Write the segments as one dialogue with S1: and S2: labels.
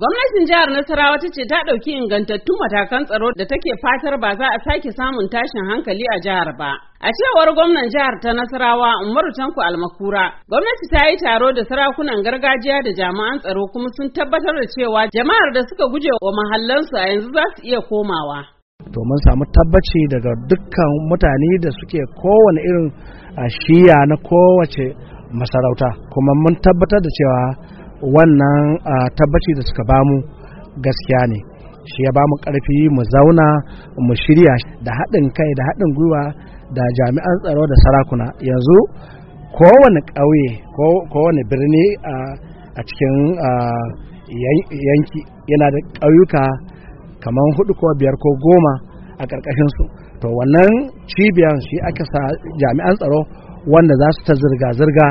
S1: Gwamnatin jihar Nasarawa ta ce ta ɗauki ingantattun matakan tsaro da take fatar ba za a sake samun tashin hankali a jihar ba. A cewar gwamnan jihar ta Nasarawa Umaru Tanko Almakura, gwamnati ta yi taro da sarakunan gargajiya da jami'an tsaro kuma sun tabbatar da cewa jama'ar da suka guje wa mahallansu a yanzu za su iya komawa.
S2: To mun samu tabbaci daga dukkan mutane da suke kowane irin shiya na kowace masarauta kuma mun tabbatar da cewa wannan tabbaci da suka bamu gaskiya ne shi ya bamu karfi mu zauna mu shirya da haɗin kai da haɗin gwiwa da jami'an tsaro da sarakuna yanzu kowane ƙauye kowane birni a cikin yanki yana da ƙauyuka kamar hudu ko biyar ko goma a su to wannan cibiyar shi aka sa jami'an tsaro wanda za su ta zirga-zirga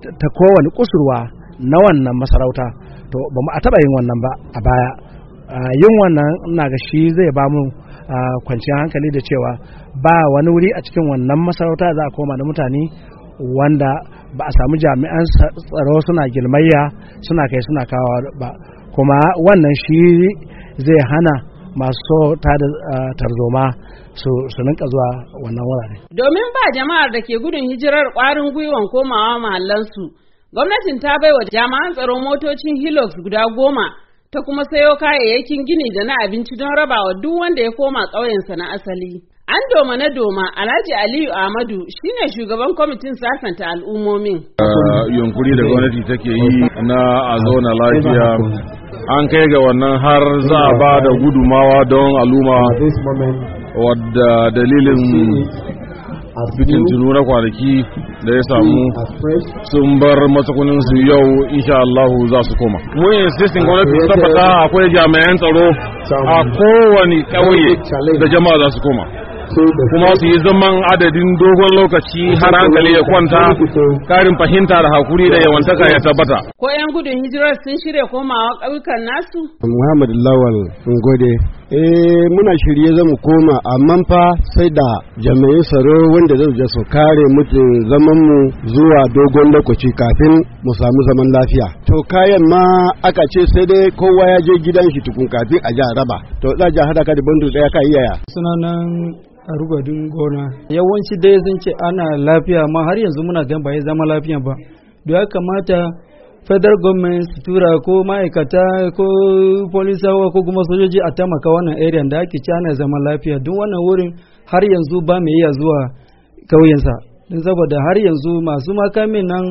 S2: ta kowane kusurwa na wannan masarauta to ba mu a taba yin wannan ba a baya yin wannan ina ga shi zai ba mu kwanciyar hankali da cewa ba wani wuri a cikin wannan masarauta za a koma da mutane wanda ba a samu jami'an tsaro suna gilmayya suna kai suna kawo ba kuma wannan shi zai hana masu ta da tarzoma su rinka zuwa wannan wurare.
S1: Domin ba jama'ar da ke gudun hijirar kwarin gwiwan komawa mahallansu Gwamnatin ta baiwa jami'an tsaron motocin Hilux guda goma ta kuma sayo kayayyakin gini da na abinci don rabawa duk wanda ya koma ƙauyensa na asali. An doma na doma Alhaji Aliyu Ahmadu shine shugaban kwamitin sasanta al'ummomin. Ah,
S3: yunkuri da gwamnati take yi na a zauna lafiya an kai ga wannan har za a ba da gudumawa don al'umma wadda dalilin tuntunu na kwanaki da ya samu sun bar matsukunin su yau insha Allah za su koma Wani insistin gwamnati fi tabbata akwai jami'an tsaro a kowane ƙauye da jama'a za su koma kuma su yi zaman adadin dogon lokaci har hankali ya kwanta karin fahimta da hakuri da yawantaka ya tabbata
S1: ko 'yan gudun hijirar sun shirya komawa ƙauyukan nasu
S3: muhammad lawal ngode eh muna shirye zamu koma amma fa sai da jami'in tsaro wanda zai je su kare mutu zaman mu zuwa dogon lokaci kafin mu samu zaman lafiya to kayan ma aka ce sai dai kowa ya je gidan shi tukun kafin a ja raba to za ja hada ka da bandu tsaya ka iyaya
S2: sunanan arugadin gona yawanci dai sun ce ana lafiya amma har yanzu muna gan ba ya zama lafiya ba da ya kamata federal government su tura ko ma'aikata ko polisawa ko kuma sojoji a taimaka wannan area da ake ci ana zaman lafiya duk wannan wurin har yanzu ba mai iya zuwa kauyensa don saboda har yanzu masu makamin nan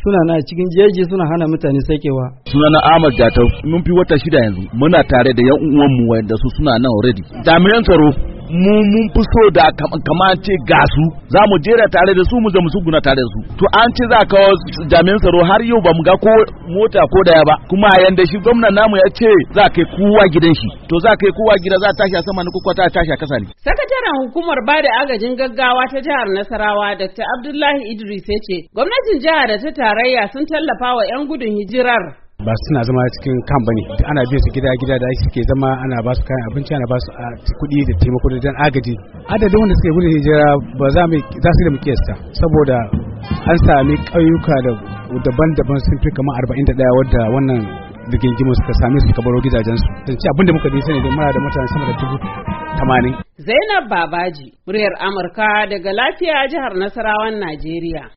S2: suna na cikin jeji suna hana mutane sakewa.
S3: Suna na Ahmad Jatau, mun fi wata shida yanzu muna tare da yan uwanmu wanda su suna nan already. Jami'an tsaro mu mun fi so da kamar ce ga su za mu jera tare da su mu zama su guna tare da su to an ce za kawo jami'an tsaro har yau ba mu ga ko mota ko daya ba kuma yanda shi gwamnan namu ya ce za kai kowa gidan shi to za kai kowa gida za tashi a sama ne kuka ta tashi a kasa ne
S1: sakataren hukumar bada agajin gaggawa ta jihar Nasarawa Dr. Abdullahi Idris ya ce gwamnatin jihar da ta tarayya sun tallafa wa 'yan gudun hijirar
S2: ba suna zama cikin kan bane ana bin su gida gida da suke zama ana ba su kayan abinci ana ba su ah, kuɗi da taimako da dan agaji adadin wanda suke gudun hijira ba za mu za su da mu kiyasta saboda an sami ƙauyuka da daban-daban sun fi kamar 41 wadda wannan rigingimu suka same su suka baro gidajensu don ci abinda muka sani don mara da mutane sama da dubu tamanin.
S1: Zainab Babaji, muryar Amurka daga lafiya jihar Nasarawan Najeriya.